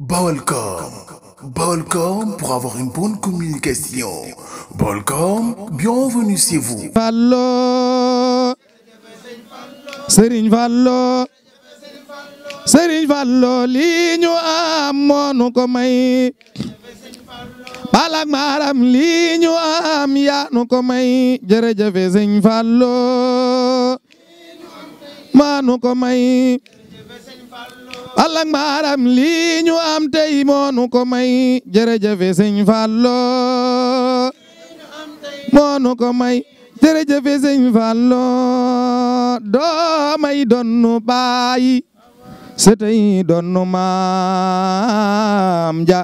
Balcom. Balcom pour avoir une bonne communication. Balcom, bienvenue chez vous. Fallo. Serigne Fallo. Serigne Fallo li ñu am ko may. Balak maram li ñu am ya nu ko may. Jërëjëf Serigne Fallo. Maanu ko may. Allah maaram lii ñu am tey moonu ko may jërëjëf sëñ Fallo moonu ko may jërëjëf sëñ Fallo doo donnu baay setey donnu maam ja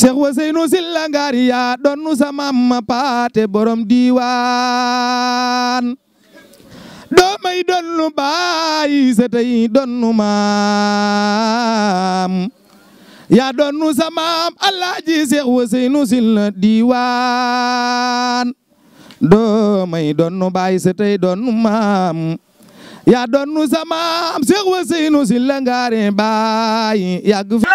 Seex Waseynu Silla Ngaari yaa donnu sa ma paate borom diiwaan doomay donnu baay sa tey donnu maam yaa donnu sa maam alaaji Seex Waseynu Sylla diiwaan doomay donnu baay sa donnu maam yaa donnu sa maam Seex Waseynu Sylla ngaare baay yàgg fi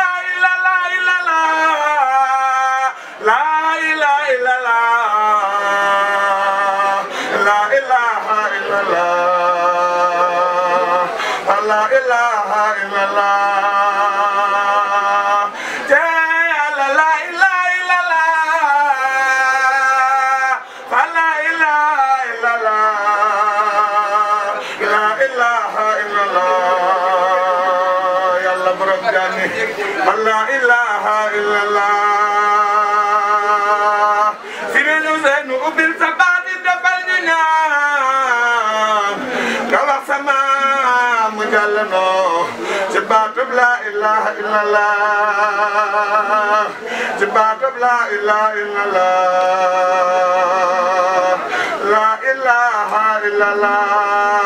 رباني من لا إله إلا الله سيرين حسين وبن سبات دفلنا كلا سما مجلنا سبات لا إله إلا الله سبات لا إله إلا الله لا إله إلا الله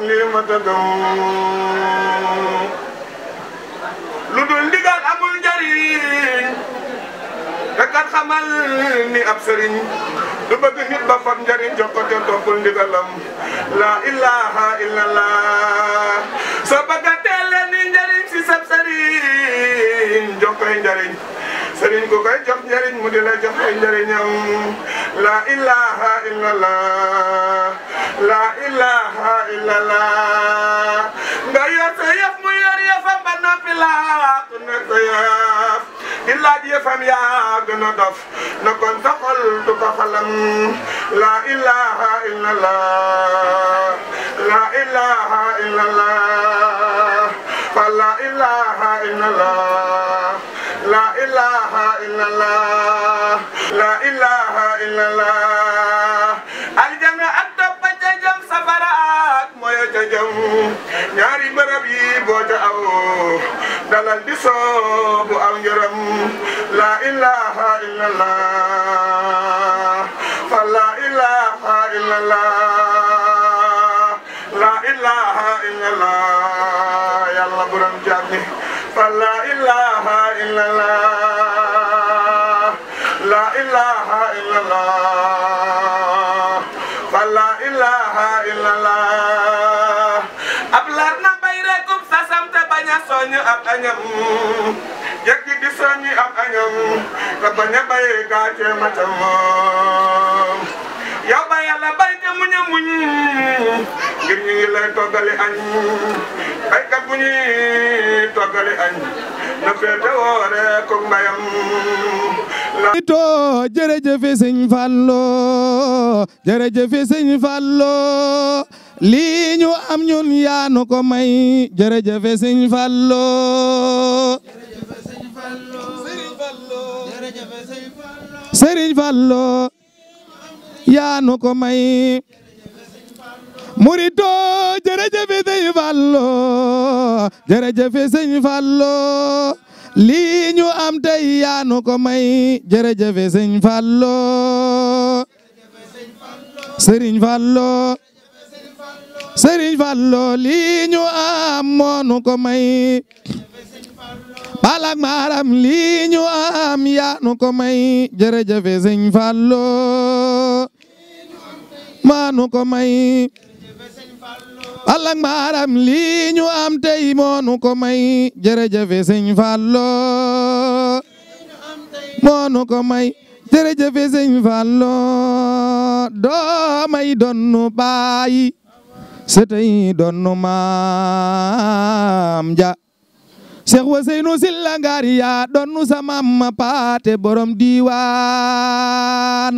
li ma tëggaw lu dul ndigal amul njariñ te kat xamal ni ab sëriñ du bëgg nit ba fab njariñ jox ko te la ilaha illallah soo bëgg a teelee ni si sab sëriñ jox koy njariñ sëriñ ku koy jox njariñ mu di jox koy njariñam لا إله إلا الله لا إله إلا الله غير سيف مير يفهم بنا في الله سيف إلا دي فم يا غندف نكون تقل تقفلم لا إله إلا الله لا إله إلا الله فلا إله إلا الله لا إله إلا الله لا إله إلا الله الجنة أدب ñaari bërëb yi boo aw dalal di soobu am njëram la ilaha illallah إلا الله لا إله إلا الله فلا إله إلا الله أبلغنا بيركم سسمت بنيا سوني أبنيا yëg di soññi ak añam nga bañ a bayee gàccee matam ba yàlla bay te muñ a muñ ngir ñu ngi lay toggali añ ay kat bu ñuy toggale añ na féete woore ko mbayam ito jërëjëf sëñ Fallu jërëjëf sëñ Fallu lii ñu am ñun yaa ko may jërëjëf sëñ Fallu sëriñ Fallu yaa ko may murito jërëjëf sëñ Fallou jërëjëf sëñ Fallou lii ñu am tey yaanu ko may jërëjëf sëñ Fallou Serigne Fallou Serigne Fallou lii ñu am moonu ko may balak maram lii ñu am yaanu ko may jërëjëf sëñ Fallou maanu ko may Allah maaram lii ñu am tey moonu ko may jërëjëfe sëñ Fallo moonu ko may jërëjëfe sëñ Fallo doo donnu baayi setey donnu maam ja Seex Waseynu Silla Ngaari yaa donnu sa ma paate borom diiwaan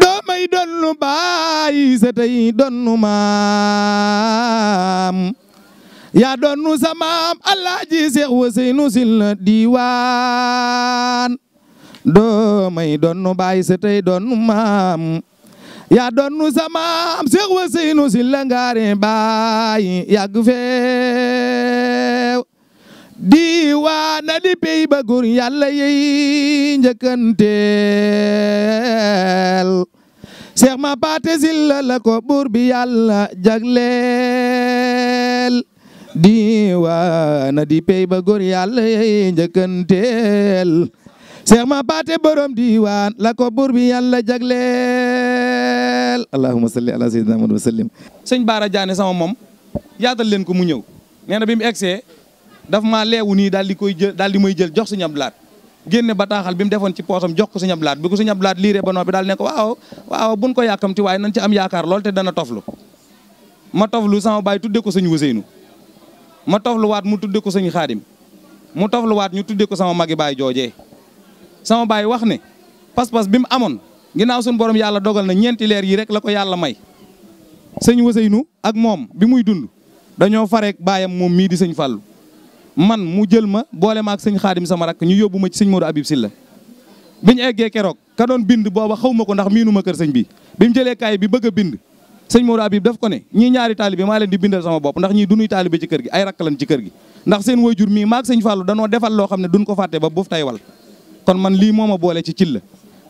doomay donnu baay sa tey donnu maam yaa donnu sa maam alaaji Seex Waseynu diiwaan doomay donnu baay sa tey donnu maam yaa donnu sa maam Seex Waseynu ngaare baay yàgg feew diiwaana di pey ba góor yàlla yey njëkkante seex ma paate silla la ko buur bi yàlla jagleel diiwaana di pey ba góor yàlla yey njëkkanteel seex ma paate borom diiwaan la ko buur bi yàlla jagleel allahumma salli ala sayyidina muhammad wa sallim sëñ Baara Jaane sama moom yaatal leen ko mu ñëw nee na bi mu egsee daf maa leewu nii daal di koy jël daal di may jël jox sëñ Abdulaat génne bataaxal bi mu defoon ci poosam jox ko Sëñ Abdu Lahat bi ko Sëñ Abdu Lahat liiree ba noppi daal ne ko waaw waaw buñ ko yàkkamti waaye nañ ci am yaakaar lool te dana toflu ma toflu sama baay tudde ko sëñ Wuseynu ma tofluwaat mu tudde ko sëñ Xaadim mu tofluwaat ñu tudde ko sama magi baay jooje sama baay wax ne pas-pas bi mu amoon ginnaaw suñu borom yàlla dogal na ñeenti leer yi rek la ko yàlla may sëñ Wuseynu ak moom bi muy dund dañoo fareek baayam moom mii di sëñ Fàllu man mu jël ma boole ma ak sëñ xaadim sama rakk ñu yóbbu ma ci sëñ Modou Habib Sylla biñu eggee keroog ka doon bind booba xaw ko ndax miinu kër sëñ bi bi mu jëlee kaay bi bëgg bind sëñ Modou Habib daf ko ne ñii ñaari taalibe maa leen di bindal sama bopp ndax ñii dunuy taalibe ci kër gi ay rakk lan ci kër gi ndax seen wayjur mii maag sëñ Fallou danoo defal loo xam ne duñ ko fàtte ba buuf tay wal kon man lii moo ma boole ci cil la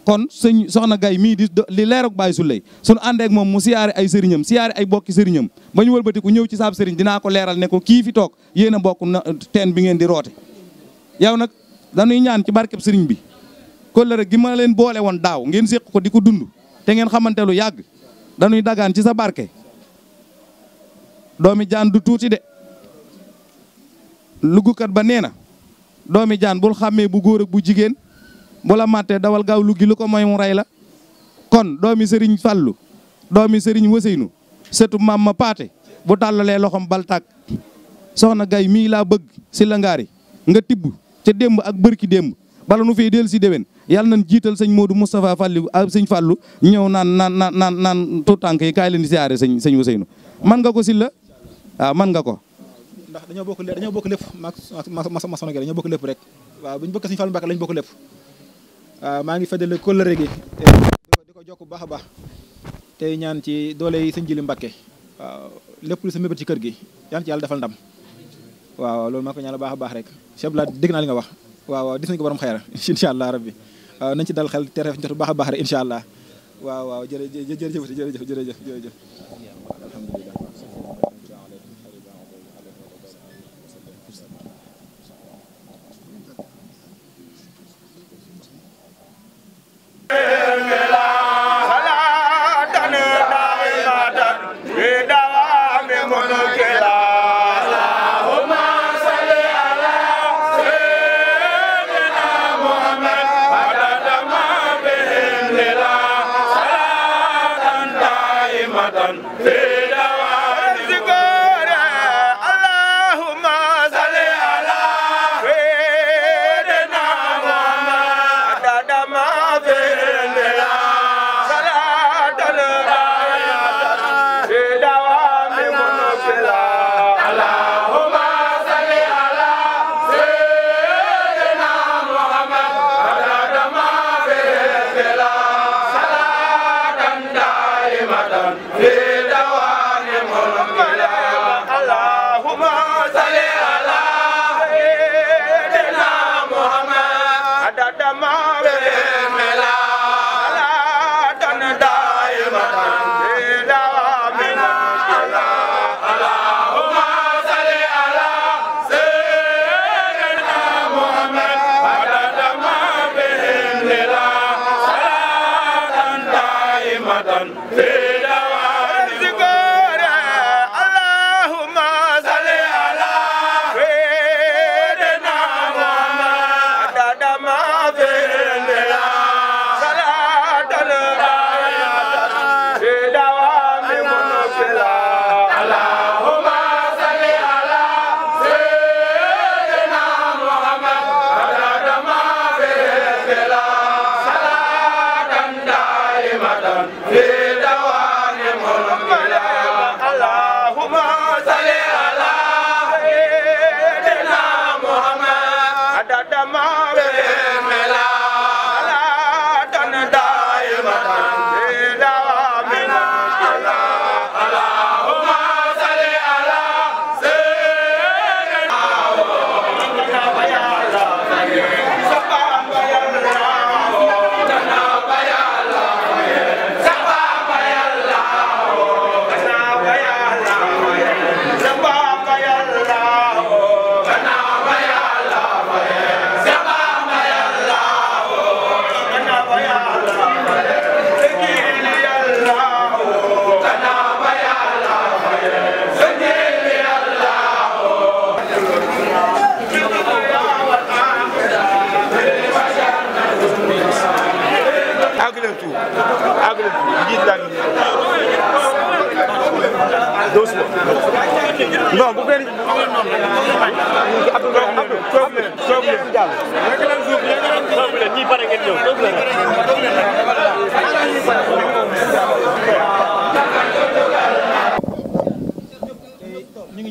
kon sëñ soxna gay mii di li leerok Baye Souley suñu àndeek moom mu siyaare ay sëriñam siyaare ay bokki sëriñam ba ñu wëlbatiku ñëw ci saab sëriñ dinaa ko leeral ne ko kii fi toog yéen a bokk na teen bi ngeen di roote yow nag dañuy ñaan ci barkeb sëriñ bi kóllëre gi ma leen boole woon daaw ngeen séq ko di ko dund te ngeen xamante lu yàgg dañuy dagaan ci sa barke doomi jaan du tuuti de lugukat ba nee na doomi jaan bul xàmmee bu góor bu jigéen bu la màttee dawal gaaw luggi lu ko mooy mu rey la kon doomi sëriñ fàllu doomi sëriñ waseynu setu maam ma paate bu tàllalee loxom bal tàkk soxna gay mii laa bëgg si la ngaari nga tibb ca démb ak bërki démb bala nu fee del si déwén yàlla nañ jiital sëñ Modou Moustapha Fallu ak ah, sëñ Fallu ñëw naan naan naan naan naan tuutànk yi kaay leen di siyaare sëñ sëñ Ousseynou man nga ko si la waaw ah, man nga ko ndax dañoo bokk lépp dañoo ma ma sama dañoo bokk lépp rek waaw bu ñu bokk sëñ Fallu Mbàkke Euh, maa ngi fëddale kóllëre gi di ko jokk bu baax a baax tey ñaan ci doole yi sëñ Jili Mbàkke waaw lépp lu sa mébét ci kër gi yaan ci yàlla defal ndam waaw loolu maa ko ñaan baax a baax rek cheb la dégg naa li nga wax waaw waaw gis nañ ko borom xayra incha allah rabbi waaw nañ ci dal xel teref njot bu baax a baax rek incha allah waaw waaw jërëjëf jërëjëf jërëjëf jërëjëf jërëjëf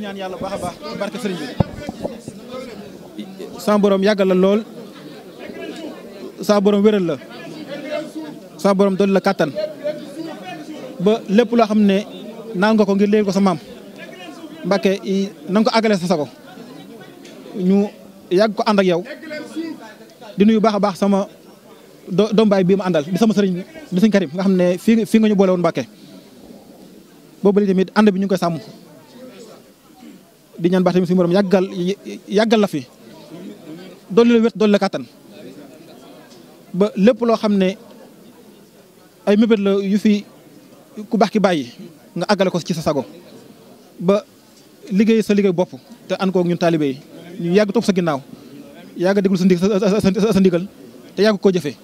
ñaan yàlla baax a borom yàggal la lool sa borom la sa borom la kàttan ba lépp loo xam ne naan nga ko ngir léegi ko sa maam Mbàkke na nga ko àggale ñu yàgg ko ànd ak yow di nuyu baax a baax sama doom baay bii ma àndal di sama sëriñ bi sëriñ Karim nga xam ne fii nga ñu boole woon Mbàkke boobu tamit ànd bi ñu ngi koy di ñaan baax tamit suñu borom yàggal yàggal la fi dolli la wét dolli la kàttan ba lépp loo xam ne ay mébét la yu fi ku baax ki bàyyi nga àggale ko ci sa sago ba liggéey sa liggéey bopp te ànd koog ñun taalibe yi ñu yàgg topp sa ginnaaw yàgg déglu sa sa ndigal te yàgg koo jëfee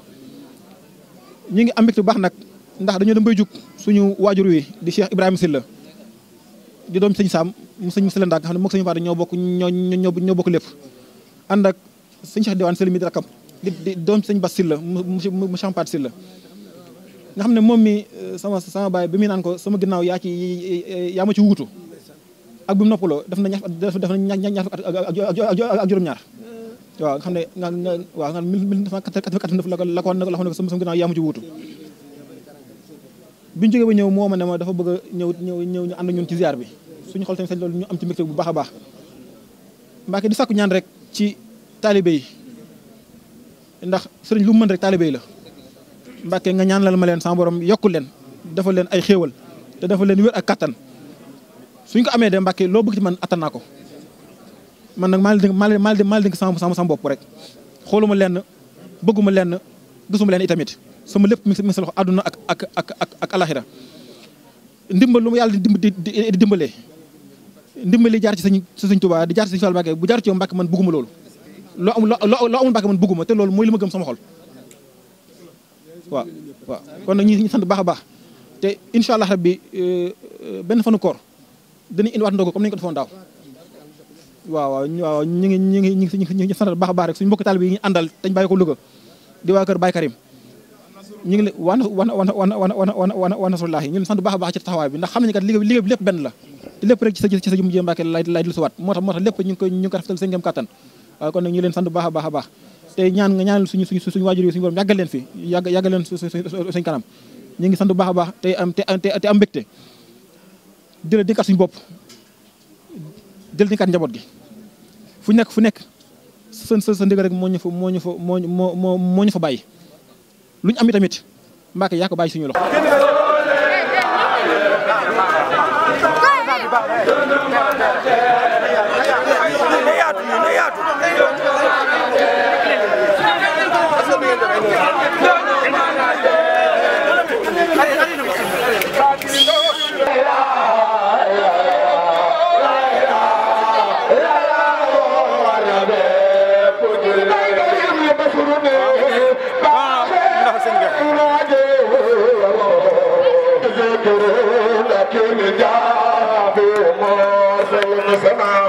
ñu ngi am mbégte bu baax nag ndax dañu dem bay jug suñu waajur wi di Cheikh Ibrahima Silla di doom sëñ Saam sëñ Moussa Lenda nga xam ne moog sëñ Fadé ñoo bokk ñoo ñoo ñoo bokk lépp ànd ak sëñ Cheikh Diwane Sëlim mi di rakkam di di doom sëñ Bass Sylla mu champat Sylla nga xam ne moom mi euh, sama sama baay bi muy naan ko sama ginnaaw yaa ci yaa ma ci wuutu ak bi mu noppaloo def na ñaar def na ñaar fukk ak juróom-ñaar waaw nga xam ne nga nga waaw nga 1989 la ko la ko la ko ne ko sama sama ginnaaw yaa ma ci wuutu bi ñu jógee ba ñëw moo ma ne ma dafa bëgg a ñëw ñëw ñëw ñu ànd ñun ci ziar bi suñu xol tamit seen loolu ñu am ci mbirte bu baaxa baax Mbàkke di sakku ñaan rek ci talibé yi ndax sëriñ lu mën rek talibé yi la Mbàkke nga la ma leen sama borom yokul leen defal leen ay xéewal te defal leen wër ak katan suñ ko amé de Mbàkke lo bëgg ci man atana ko man nag maa mal mal maa maa sama sama bop rek xoluma lenn bëgguma lenn gisuma leen itamit sama lepp mi sa loxo ak ak ak ak alakhirah ndimbal lu mu yàlla di dimbalee ndimbal jaar ci sëñ sëñ di jaar ci sëñ Fall Mbàkke bu jaar ci yow Mbàkke man bëgguma loolu loo amul loo amul Mbàkke man bëgguma te loolu mooy li ma gëm sama xol waaw waaw kon nag ñu sant baax a baax te incha allah rabbi benn fanu koor dinañ indiwaat ndogu comme ko defoon daaw waaw waaw waaw ñu ngi ñu ngi ñu ngi ñu sant baax a baax rek suñu mbokk taalibe yi ñu àndal dañ bàyyi ko Louga waa kër Baye Karim ñu ngi leen wan wan wan wan wan wan wan wan ñu ngi sant baax a baax ci taxawaay bi ndax xam nañu kat liggéey bi lepp rek ci sa ci sa jëm jëm Mbàkke lay lay dul suwaat motax motax lepp ñu ngi ñu ko raftal seen jëm kàttan kon nak ñu leen sant baaxa baaxa baax te ñaan nga ñaanal suñu suñu suñu waajur suñu borom yagal leen fi yagal leen suñu kanam ñi ngi sant baaxa baax te am te te am mbégte di la dénkaat suñu bopp di la njabot gi fu nek fu nekk sën sa ndigal rek moñu fu moñu fu moñu moñu fu bayyi luñ lu am itamit Mbàkke yaa ko suñu loxo لكن جاء أبي مرسل سماه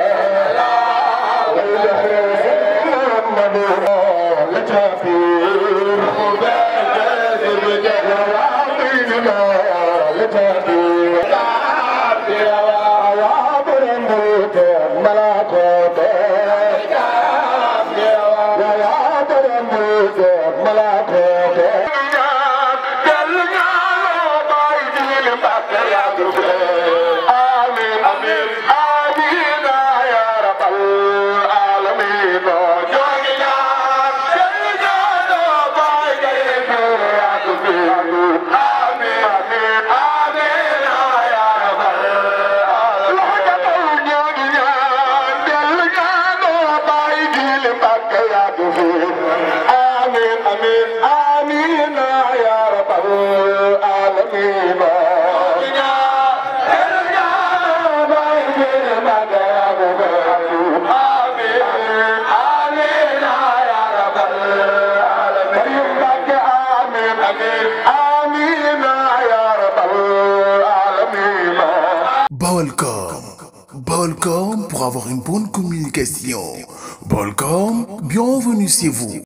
Deus. Bolcom. Bolcom pour avoir une bonne communication. Bolcom, bienvenue chez vous.